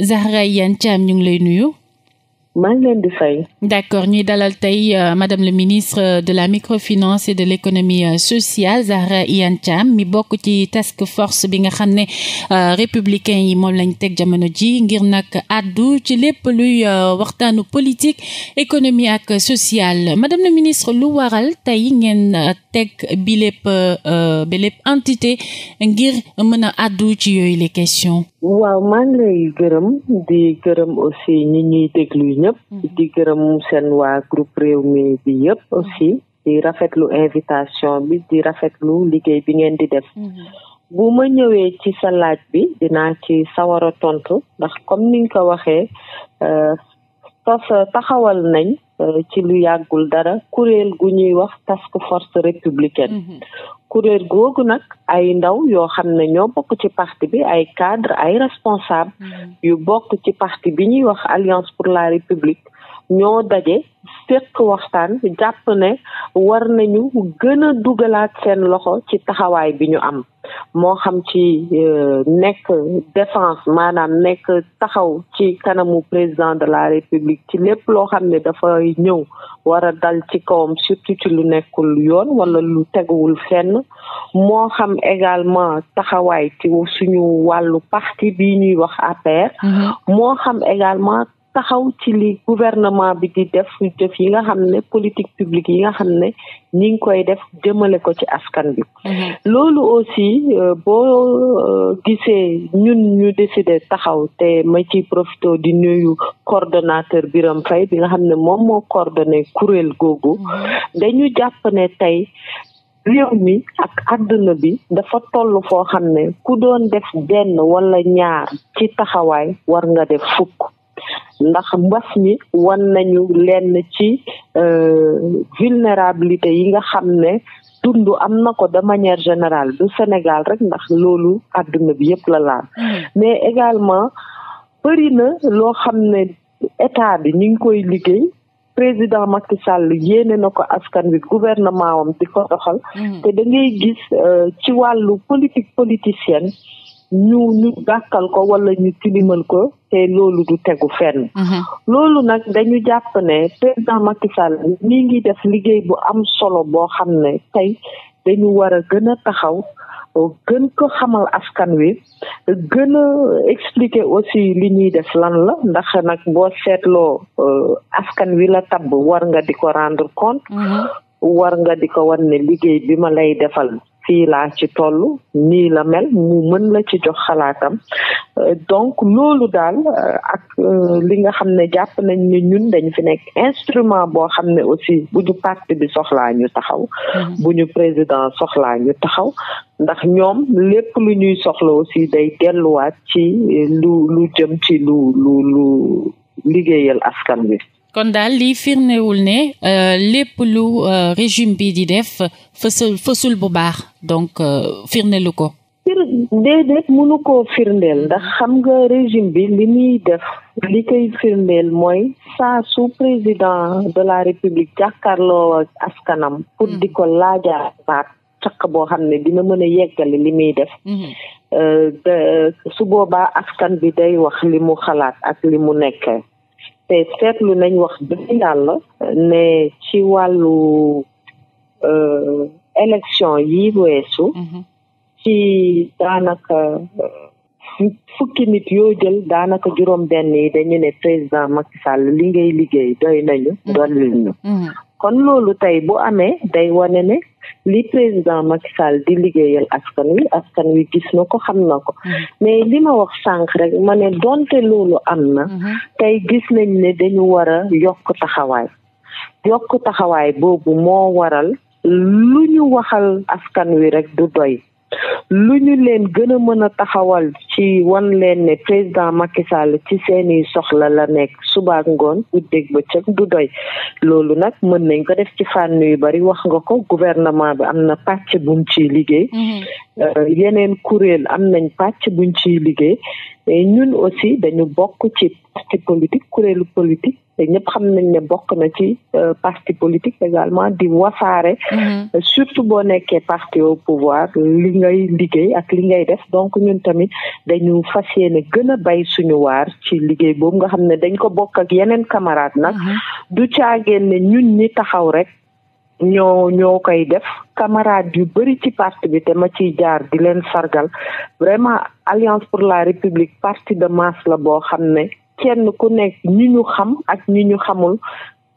Zahra Iyane Thiam ñu ngi lay nuyu. maa ngi leen fay. d'accord ñuy dalal tey euh, madame le ministre de la microfinance et de l'économie euh, sociale Zahra Iyane Thiam mi bokk ci task force bi nga xam ne euh, républicain yi moom lañ teg jamono ji ngir nag àddu ci lépp luy waxtaanu politique économie ak sociale madame le ministre lu waral tey ngeen teg bi lépp bi lépp entité ngir mën a àddu ci yooyu le questions. waaw maa nga lay gërëm di gërëm aussi ñi ñuy déglu ñëpp mm-hmm. di gërëm seen waa groupe réew mi bi yëpp mm-hmm. aussi di rafetlu invitation bi di rafetlu liggéey bi ngeen di def mm-hmm. bu ma ñëwee ci sa laaj bi dinaa ci sawar a tontu ndax comme ni ko waxee euh, tos taxawal nañ euh, ci lu yàggul dara kureel gu ñuy wax task force républicaine kuréel googu nag ay ndaw yoo xam ne ñoo bokk ci parti bi ay cadre ay responsable mm. yu bokk ci parti bi ñuy wax alliance pour la république ñoo daje séq waxtaan jàpp ne war nañu gën a dugalaat seen loxo ci taxawaay bi ñu am moo xam ci euh, nekk défense maanaam nekk taxaw ci kanamu président de la république ci lépp loo xam ne dafay ñëw war dal ci kawam surtout ci lu nekkul yoon wala lu teguwul fenn moo xam également taxawaay ci suñu wàllu parti bi ñuy wax APR mm-hmm. moo xam également taxaw ci li gouvernement bi di def jëf yi nga xam ne politique publique yi nga xam ne ñi ngi koy def jëmale ko ci askan bi mm-hmm. loolu aussi euh, boo euh, gisee ñun ñu décidé taxaw te ma ci profité di nuyu coordonnateur Birame Faye bi nga xam ne moom moo coordonné kuréel googu mm-hmm. dañu jàpp ne tey réew mi ak àdduna bi dafa toll foo xam ne ku doon def benn wala ñaar ci taxawaay war nga def fukk ndax mbas mi wan nañu lenn ci euh, vulnérabilité yi nga xam ne dund am na ko de manière générale du Sénégal rek ndax loolu àdduna bi yépp la laal mm. mais également bëri na loo xam ne état bi ñu ngi koy liggéey président Macky Sall yéene na ko askan wi gouvernement wam di ko doxal mm-hmm. te dangay ngay gis euh, ci wàllu politique politicienne ñu ñu gàkkal ko wala ñu tilimal ko te loolu du tegu fenn mm-hmm. loolu nag dañu jàpp ne président Macky Sall mi ngi def liggéey bu am solo boo xam ne tey dañu war a gën a taxaw gën ko xamal askan wi gën a expliquer aussi li ñuy def lan la ndax nag boo seetloo euh, askan wi la tabb war nga di ko rendre compte mm-hmm. war nga di ko wan liggéey bi ma lay defal fii laa ci toll nii la mel mu mën la ci jox xalaatam euh, donc loolu daal euh, ak euh, li nga xam ne jàpp nañ ne ñun dañ fi nekk instrument boo xam ne aussi bu ñu parti bi soxlaa ñu taxaw mm-hmm. bu ñu président soxlaa ñu taxaw ndax ñoom lépp lu ñuy soxla aussi day delluwaat ci lu lu jëm ci lu lu lu liggéeyal askan wi kon daal lii firndewul ne euh, lépp lu euh, régime bi di def fësul bu baax donc euh, firndelu ko fir déedéet mënu koo firndeel ndax xam nga régime bi li muy def li koy firndeel mooy saa su président de la république jàkkaarloo ak pour mm-hmm. di ko laajaat baat caq boo xam ne dina mën a yeggali li muy def mm-hmm. su boobaa askan bi day wax li mu xalaat ak li mu nekkee te seetlu nañ wax dëgg yàlla ne ci wàllu euh, élection yi weesu mhm. ci daanaka fukki nit yoo jël daanaka juróom benn yi dañu ne président Macky Sall li ngay liggéey doy nañu mm-hmm. dollil ñu mm-hmm. kon loolu tey bu amee day wane ne li président Macky Sall di liggéeyal askan wi askan wi gis na ko xam na ko mm-hmm. mais li ma wax sànq rek ma ne donte loolu am na tey gis nañ ne dañu war a yokk taxawaay yokk taxawaay boobu moo waral lu ñu waxal askan wi rek du doy lu ñu leen gën a mën a taxawal ci wan leen ne président Macky ci seeni soxla la nekk subaak ngoon guddeeg bëccëg du doy loolu nag mën nañ ko def ci fànn yu bari wax nga ko gouvernement bi am na pàcc bu ciy liggéey mm-hmm. Euh, yeneen kuréel am nañ pàcc buñ ciy liggéey mais ñun aussi dañu bokk ci parti politique kuréelu politique te ñëpp xam nañ ne bokk na ci euh, parti politique également di wasaare mm-hmm. euh, surtout boo nekkee parti au pouvoir li ngay liggéey ak li ngay def donc ñun tamit dañu fas yéene gën a bay suñu waar ci liggéey boobu nga xam ne dañ ko bokk ak yeneen camarade nag mm-hmm. du caagéen ne ñun ñi taxaw rek ñoo ñoo koy def camarades yu bëri ci parti bi te ma ciy jaar di leen sargal vraiment alliance pour la république parti de masse la boo xam ne kenn ku nekk ñi ñu xam ak ñi ñu xamul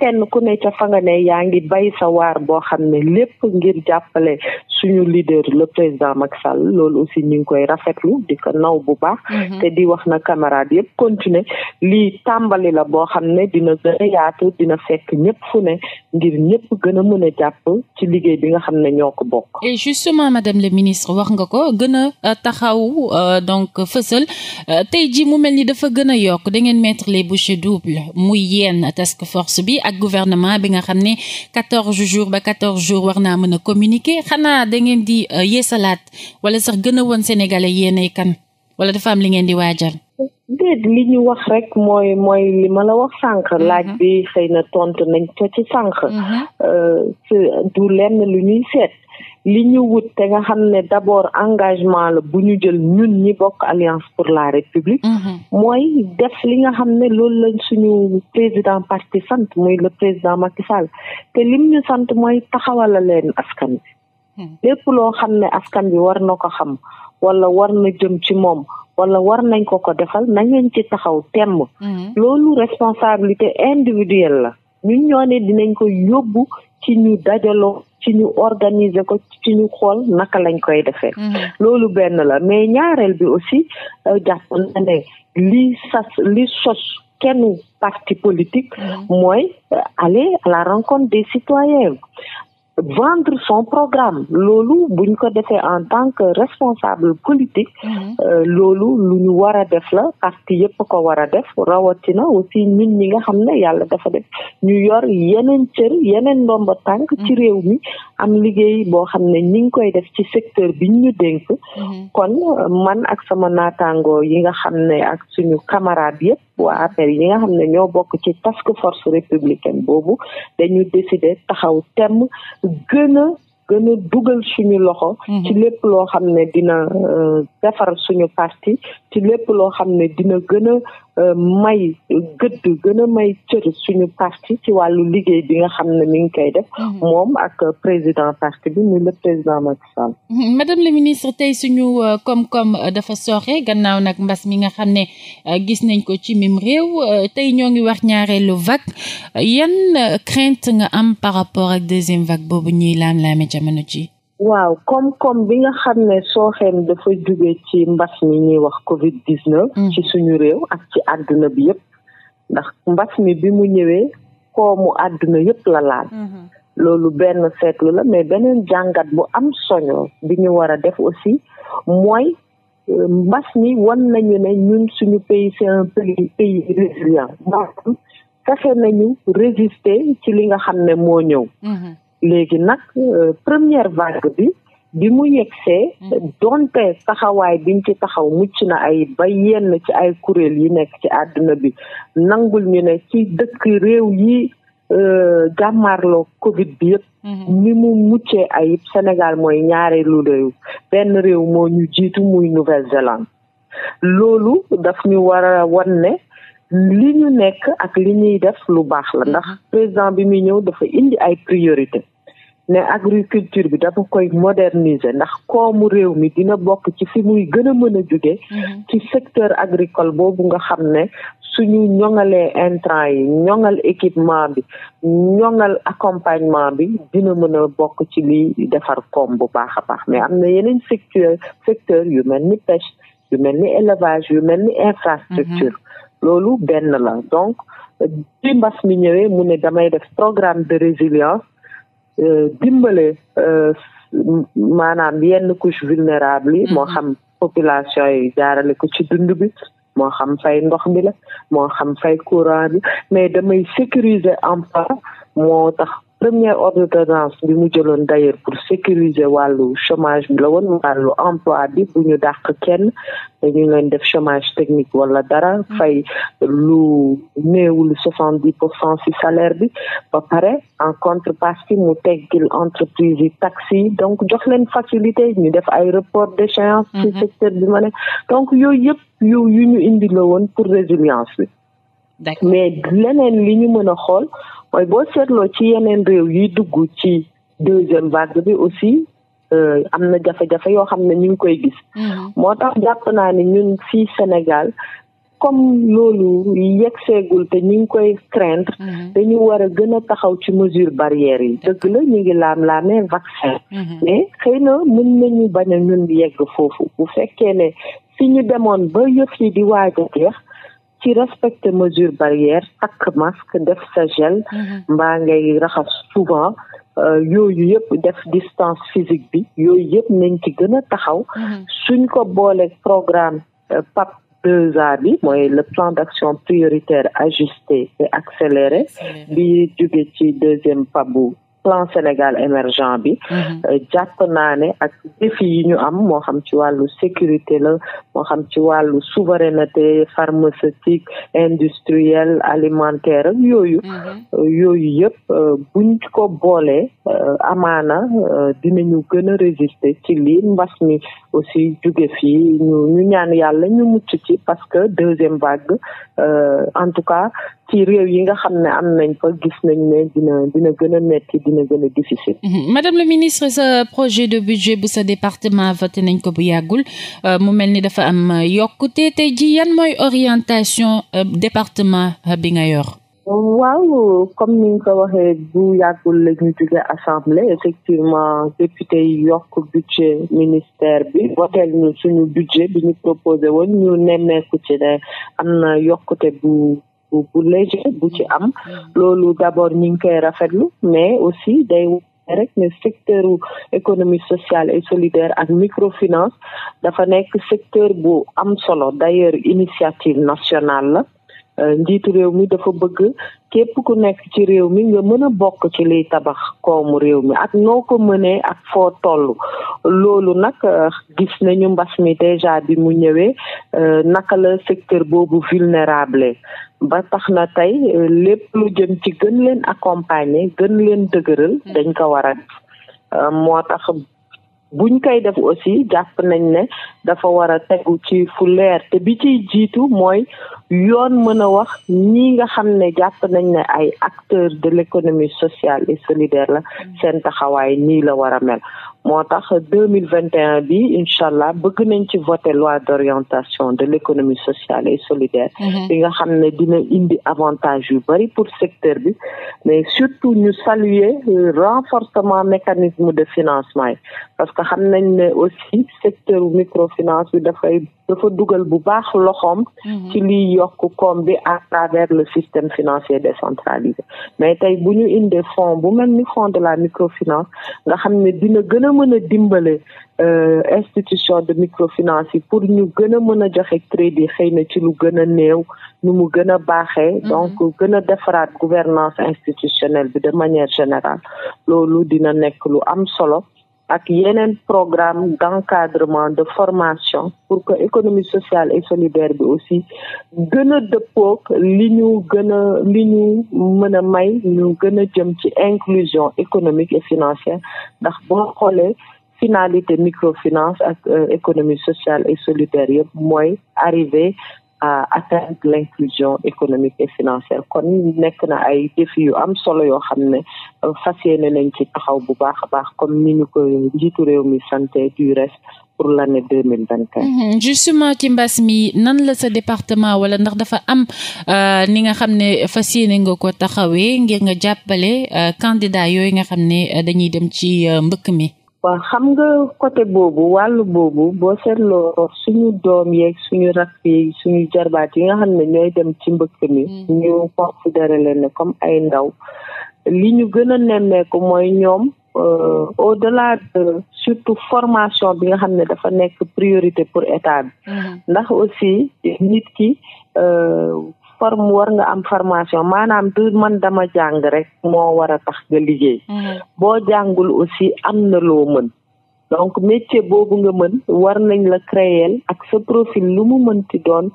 kenn ku ne ca fa nga ne yaa ngi bay sa waar boo xam ne lépp ngir jàppale suñu lider la président Macky Sall loolu aussi ñu ngi koy rafetlu di ko naw bu baax. Mm-hmm. te di wax na camarade yëpp continuer li tàmbali la boo xam ne dina gën yaatu dina fekk ñëpp fu ne ngir ñëpp gën a mën a jàpp ci liggéey bi nga xam ne ñoo ko bokk. et justement madame le ministre wax nga ko gën a euh, taxaw euh, donc fësal euh, tey jii mu mel ni dafa gën a yokk da ngeen mettre les bouchées doubles muy yéen ak gouvernement bi nga xam ne quatorze jours ba quatorze jours war naa mën a communiquer xanaa da ngeen di euh, yeesalaat wala sax gën a woon sénégalais yéenay kan wala dafa am li ngeen di waajal. déet li ñu wax rek mooy mooy li ma la wax sànq mhm. laaj bi xëy na tontu nañ ko ci sànq. Mhm. Euh, du lenn lu ñuy seet. li ñu wut te nga xam ne d'abord engagement la bu ñu jël ñun ñi bokk alliance pour la république mhm. mooy def li nga xam ne loolu lañ suñu président parti sant muy le président Macky Sall te lim ñu sant mooy taxawala leen askan bi mhm. lépp loo xam ne askan bi war na ko xam wala war na jëm ci moom wala war nañ ko ko defal nañu ci taxaw temm mhm. loolu responsabilité individuelle la ñun ñoo dinañ ko yóbbu ci ñu dajaloo ci ñu organiser ko ci ñu xool naka lañ koy defee. Mhm. loolu benn la mais ñaareel bi aussi euh, jàpp na li sos kenn parti politique. Mhm. mooy euh, aller à la rencontre des citoyens. vendre son programme loolu buñ ko defee en tant que responsable politique mhm. euh, loolu lu ñu war a def la parti yëpp ko war a def rawatina aussi ñun ñi nga xam ne yàlla dafa def ñu yor yeneen cër yeneen ndomba tànk mhm. ci réew mi am liggéey boo xam ne ñi ngi koy def ci secteur bi ñu dénk mhm. kon man ak sama naataangoo yi nga xam ne ak suñu camarade yëpp waa affaire yi nga xam ne ñoo bokk ci task force républicaine boobu dañu décider taxaw temm gën a gën a dugal suñu loxo mhm. ci lépp loo xam ne dina euh, defar suñu parti ci lépp loo xam ne dina gën a Euh, may gëdd gën a may cër suñu parti ci wàllu liggéey bi nga xam ne mi ngi koy def. Mhm. moom ak euh, président parti bi muy le président Macky Sall. Mhm. madame la ministre tey suñu euh, koom-koom dafa sooxe gannaaw nag mbas mi nga xam ne gis nañ ko ci mim réew tey ñoo ngi wax ñaareelu vague yan crainte nga am par rapport ak deuxième vague boobu ñuy laam-laame jamono ji waaw koom-koom bi nga xam ne soo sooxeen dafa jóge ci mbas mi ñuy wax Covid 19. Mm. ci suñu réew ak ci àdduna bi yépp ndax mbas mi bi mu ñëwee koomu àdduna yëpp la laal. Mm-hmm. loolu benn seetlu la mais beneen jàngat bu am soño bi ñu war a def aussi mooy euh, mbas mi wan nañu ne ñun suñu pays c'est un pays pays résilient fexe nañu résister ci li nga xam ne moo ñëw. Mm-hmm. léegi nag euh, première vague bi bi mu yegsee mm-hmm. donte taxawaay biñ ci taxaw mucc na ay ba yenn ci ay kuréel yi nekk ci àdduna bi nangul ñu ne ci dëkk réew yi euh, jàmmaarloo covid bi yëpp mm-hmm. ni mu muccee ayib Sénégal mooy ñaareelu réew benn réew moo ñu jiitu muy Nouvelle-Zélande loolu daf ñu war a wan ne li ñu nekk ak li ñuy def lu baax la ndax mm-hmm. président bi muy ñëw dafa indi ay priorité ne agriculture bi dafa koy moderniser ndax koomu réew mi dina bokk ci fi muy gën a mën a jóge mhm. ci secteur agricole boobu nga xam ne su ñu ñoŋalee intrant yi ñoŋal équipement bi ñoŋal accompagnement bi dina mën a bokk ci li defar koom bu baax a baax mais am na yeneen secteur secteur yu mel ni pêche yu mel ni élevage yu mel ni infrastructure mhm. loolu benn la donc bi mbas mi ñëwee mu ne damay def programme de résilience dimbale euh, maanaam yenn couche vulnérable yi moo mm-hmm. xam population yi jaarale ko ci dund bi moo xam fay ndox bi la moo xam fay courant bi mais damay sécuriser emploi moo tax première ordonnance bi mu jëloon d'ailleurs pour sécuriser wàllu chômage bi la woon wàllu emploi bi bu ñu dàq kenn dañu leen def chômage technique wala dara mm. fay lu néewul soixante dix pour cent ci salaire bi ba pare en contrepartie mu teggil entreprise yi taxi yi donc jox leen facilité ñu def ay report d'échéance ci mm-hmm. secteur bi ma ne donc yooyu yëpp yu yu ñu indi la woon pour résilience bi mais leneen li ñu mën a xool mooy boo seetloo ci yeneen réew yuy dugg ci deuxième vague bi aussi euh, am na jafe-jafe yoo xam ne ñu ngi koy gis. Mm-hmm. moo tax jàpp naa ne ñun fii Sénégal comme loolu yeggseegul te ñu ngi koy craindre. Mm-hmm. dañu war a gën a taxaw ci mesure barrière yi. dëgg la ñu ngi laam-laamee vaccin. Mm-hmm. mais xëy na mën nañu bañ a ñun yegg foofu bu fekkee ne fi ñu demoon ba yëf yi di waaj jeex ci respecter mesure barrière takk masque def sa gel mhm. mbaa ngay raxas souvent euh, yooyu yëpp def distance physique bi yooyu yëpp nañ ci gën a taxaw mhm. suñ ko booleeg programme euh, PAP 2A bi mooy le plan d'action prioritaire ajusté et accéléré bi jóge ci deuxième PAP bu plan Sénégal émergent bi mhm. euh, jàpp naa ne ak défi yi ñu am moo xam ci wàllu sécurité la moo xam ci wàllu souveraineté pharmaceutique industrielle alimentaire ak yooyu mhm. euh, yooyu yëpp euh, buñ ko boolee amaana dinañu gën a résister ci lii mbas mi aussi jóge fii ñu ñu ñaan yàlla ñu mucc ci parce que deuxième vague en tout cas ci réew yi nga xam ne am nañ fa gis nañ ne dina dina gën a metti dina gën a difficile. Mhm. madame la ministre sa projet de budget bu sa département voté nañ ko bu yàggul euh, mu mel ni dafa am yokkute tey ji yan mooy orientation euh, département bi nga yor. waaw comme ni nga ko waxee bu yàggul la ñu jóge assemblée effectivement député yokk budget ministère bi voteel ñu suñu budget bi ñu proposé woon ñu nemmeeku ci ne am na yokkute bu bu bu léger bu ci am mm. loolu d'abord ñu ngi koy rafetlu mais aussi day rek ne secteur économie sociale et solidaire ak microfinance dafa nekk secteur bu am solo d'ailleurs initiative nationale la Euh, njiitu réew mi dafa bëgg képp ku nekk ci réew mi nga mën a bokk ci liy tabax koomu réew mi ak noo ko mënee ak foo toll loolu nag euh, gis nañu mbas mi déjà bi mu ñëwee euh, naka la secteur boobu vulnérable ba tax na tey lépp lu jëm ci gën leen accompagner gën leen dëgëral hmm. dañ ko war a moo tax buñ koy def aussi jàpp nañ ne dafa war a tegu ci fu leer te bi ciy jiitu mooy yoon mën a wax ñi nga xam ne jàpp nañ ne ay acteurs de l'économie sociale et solidaire la mm. seen taxawaay nii la war a mel moo tax deux mille vingt et un bi incha bëgg nañ ci voter loi d'orientation de l'économie sociale et solidaire. Mm-hmm. bi nga xam ne dina indi avantage yu bari pour secteur bi mais surtout ñu saluer renforcement mécanisme de financement yi parce que xam nañ ne aussi secteur microfinance bi dafay dafa dugal bu baax loxoom. Mm-hmm. ci liy yokk koom bi à travers le système financier décentralisé mais tey bu ñu indee fonds bu mel ni fonds de la microfinance nga xam ne dina gën a mën a dimbale euh, institution de microfinance yi pour ñu gën a mën a joxe crédit xëy na ci lu gën a néew nu mu gën a baaxee mm-hmm. donc gën a defaraat gouvernance institutionnelle bi de manière générale loolu dina nekk lu am solo ak yeneen programme d'encadrement de formation pour que économie sociale et solidaire bi aussi gën a dëppoog li ñu gën a li ñu mën a may ñu gën a jëm ci inclusion économique et financière ndax boo xoolee finalité microfinance ak euh, économie sociale et solidaire yëpp mooy arrivé à atteindre l'inclusion économique et financière kon nekk na ay défis yu am solo yoo xam ne euh, fas yéene nañ ci taxaw bu baax a baax comme mi ñu ko njiitu réew mi santé du reste pour l'année deux mille vingt et mhm. justement ci mbas mi nan la sa département wala ndax dafa am euh, ni nga xam ne fas yéene nga ko taxawee ngir nga jàppale euh, candidat yooyu nga xam ne dañuy dem ci mbëkk mi. waa xam nga côté boobu wàll boobu boo seetloo suñu doom yeeg suñu rakk yi suñu jarbaat yi nga xam ne ñooy dem ci mbëkk mi mm. ñu considéré leen ne comme ay ndaw li ñu gën a nemmeeku mooy ñoom euh, au delà de surtout formation bi nga xam ne dafa nekk priorité pour état bi mm-hmm. ndax aussi nit ki euh, forme war nga am formation maanaam du man dama jàng rek moo war a tax nga liggéey mhm. boo jàngul aussi am na loo mën donc métier boobu nga mën war nañ la créer ak sa profil lu mu mën ti doon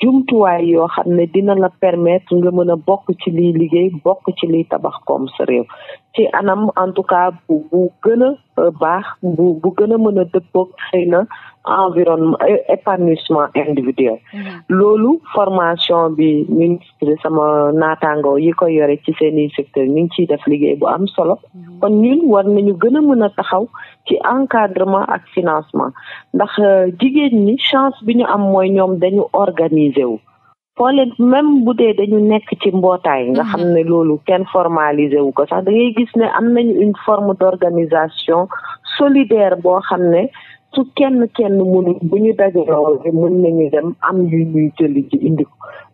jumtuwaay yoo xam ne dina la permettre nga mën a bokk ci liy liggéey bokk ci liy tabax koom sa réew ci anam en tout cas bu bu gën a euh, baax bu bu gën a mën a dëppoog xëy na environnement euh, épanouissement individuel mm-hmm. loolu formation bi ministre sama naataango yi ko yore ci seeni secteur ñu ngi ciy def liggéey bu am solo mm-hmm. kon ñun war nañu gën a mën a taxaw ci encadrement ak financement ndax euh, jigéen ñi chance bi ñu am mooy ñoom dañu organiser wu foo même bu dee dañu nekk ci mbootaay nga mm-hmm. xam ne loolu kenn formalisé wu ko sax da gis ne am nañu une forme d'organisation solidaire boo xam ne su kenn kenn mënul bu ñu dajaloo mën nañu dem am yu ñuy jëli ji indi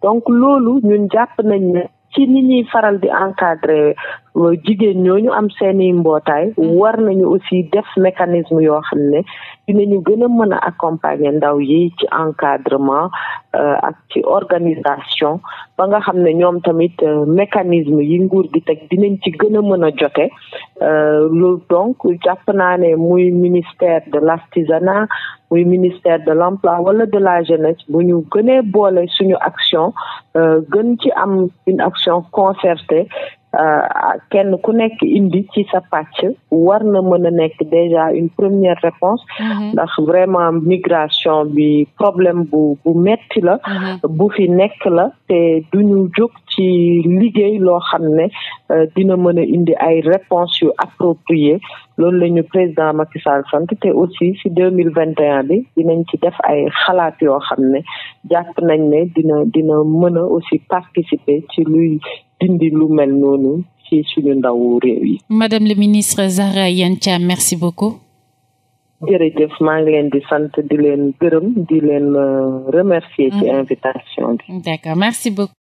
donc loolu ñun jàpp nañ ne ci ni ñuy faral di encadrer jigéen ñooñu am seeni mbootaay mm-hmm. war nañu aussi def mécanisme yoo xam ne dinañu gën a mën a accompagner ndaw yi ci encadrement euh, ak ci organisation ba nga xam ne ñoom tamit euh, mécanisme yi nguur gi teg dinañ ci gën a mën a jote euh, loolu donc jàpp naa ne muy ministère de l'artisanat muy ministère de l'emploi wala de la jeunesse bu ñu gënee boole suñu action gën ci am une action concertée Euh, kenn ku nekk indi ci sa pàcc war na mën a nekk déjà une première réponse mhm. ndax vraiment migration bi problème bu bu metti la mhm. bu fi nekk la te duñu jóg ci liggéey loo xam ne euh, dina mën a indi ay réponse yu appropriées loolu lañu président Macky Sall sant te aussi si deux mille vingt et un bi dinañ ci def ay xalaat yoo xam ne jàpp nañ ne dina dina mën a aussi participer ci luy dindi lu mel noonu ci suñu ndaw réew yi. madame le ministre Zahra Iyane Thiam merci beaucoup. jërëjëf maa ngi leen di sant di leen gërëm di leen euh, remercier ci mm-hmm. invitation bi. merci beaucoup.